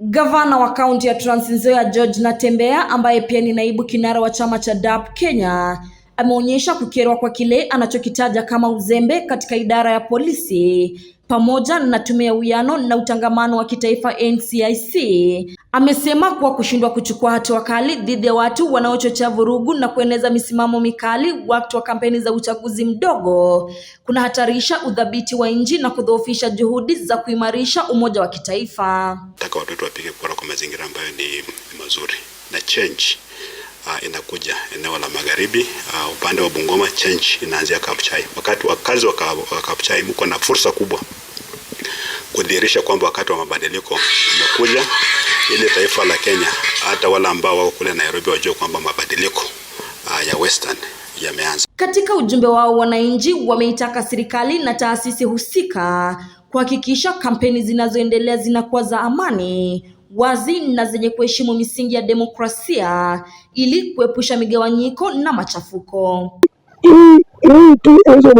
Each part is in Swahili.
Gavana wa kaunti ya Trans Nzoia George Natembeya ambaye pia ni naibu kinara wa chama cha DAP Kenya ameonyesha kukerwa kwa kile anachokitaja kama uzembe katika idara ya polisi pamoja na Tume ya Uwiano na Utangamano wa Kitaifa NCIC amesema kuwa kushindwa kuchukua hatua kali dhidi ya watu wanaochochea vurugu na kueneza misimamo mikali wakati wa kampeni za uchaguzi mdogo kunahatarisha udhabiti wa nchi na kudhoofisha juhudi za kuimarisha umoja wa kitaifa. Nataka watoto wapige kura kwa mazingira ambayo ni mazuri na change uh, inakuja eneo la magharibi uh, upande wa Bungoma change inaanzia Kapchai. Wakati wakazi wa Kapchai mko na fursa kubwa kudhihirisha kwamba wakati wa mabadiliko umekuja, ili taifa la Kenya hata wale ambao wako kule Nairobi wajue kwamba mabadiliko uh, ya Western yameanza. Katika ujumbe wao, wananchi wameitaka serikali na taasisi husika kuhakikisha kampeni zinazoendelea zinakuwa za amani wazi na zenye kuheshimu misingi ya demokrasia ili kuepusha migawanyiko na machafuko. Hii tu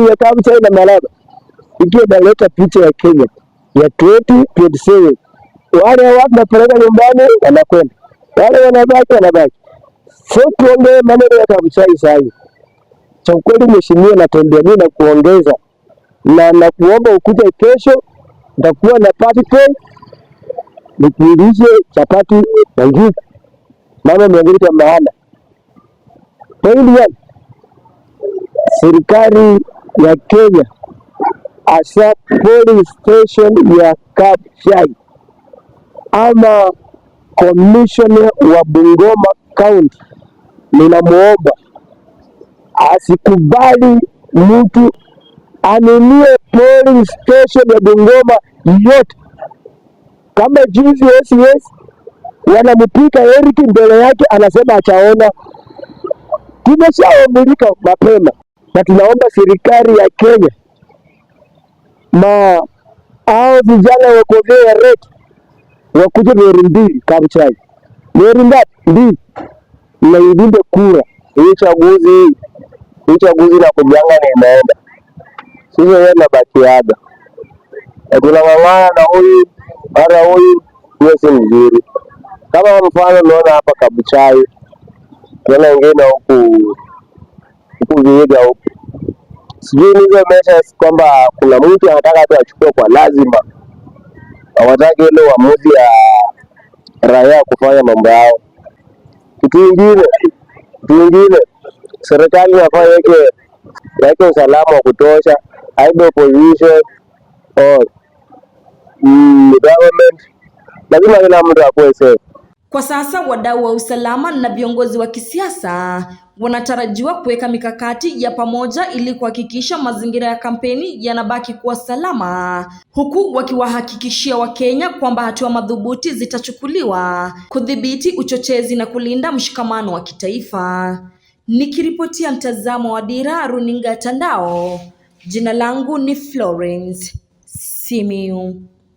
Nyakabu chai na Malaba ikiwa naleta picha ya Kenya ya 2027 wale watu napeleka nyumbani wanakwenda, wale wanabaki wanabaki. So tuongee maneno ya Kabuchai sahi. Cha ukweli, mheshimiwa, natembea mimi na kuongeza na nakuomba ukuja kesho, ntakuwa na party nikiulize chapati na njugu mama mia kwa maana paili ya serikali ya Kenya asa police station ya Kapchai ama commissioner wa Bungoma County, ninamwomba asikubali mtu anunie police station ya Bungoma yote kama jinsi yes, yes wanampiga Eric mbele yake, anasema achaona. Tumeshaamulika mapema na tunaomba serikali ya Kenya na au vijana wakovia ya wakuja meri mbili Kabuchai, meri ngapi? Mbili, na ilinde kura hii chaguzi hii chaguzi na kujanga ni imeenda sisi, wewe na bakiaga kuna mang'ana na huyu bara huyu hiyo si mzuri. Kama mfano unaona hapa Kabuchai, unaona wengine huku huku Vihiga huku, sijui nizo mesha kwamba kuna mtu anataka tu achukue kwa lazima, hawataki ile uamuzi ya raia kufanya mambo yao. Kitu ingine kitu ingine, serikali inafaa yake yake usalama wa kutosha, aibe opposition oh, government lazima kila mtu akuwe safe. Kwa sasa wadau wa usalama na viongozi wa kisiasa wanatarajiwa kuweka mikakati ya pamoja ili kuhakikisha mazingira ya kampeni yanabaki kuwa salama, huku wakiwahakikishia Wakenya kwamba hatua madhubuti zitachukuliwa kudhibiti uchochezi na kulinda mshikamano wa kitaifa. Nikiripotia mtazamo wa Dira Runinga Tandao, jina langu ni Florence Simiu.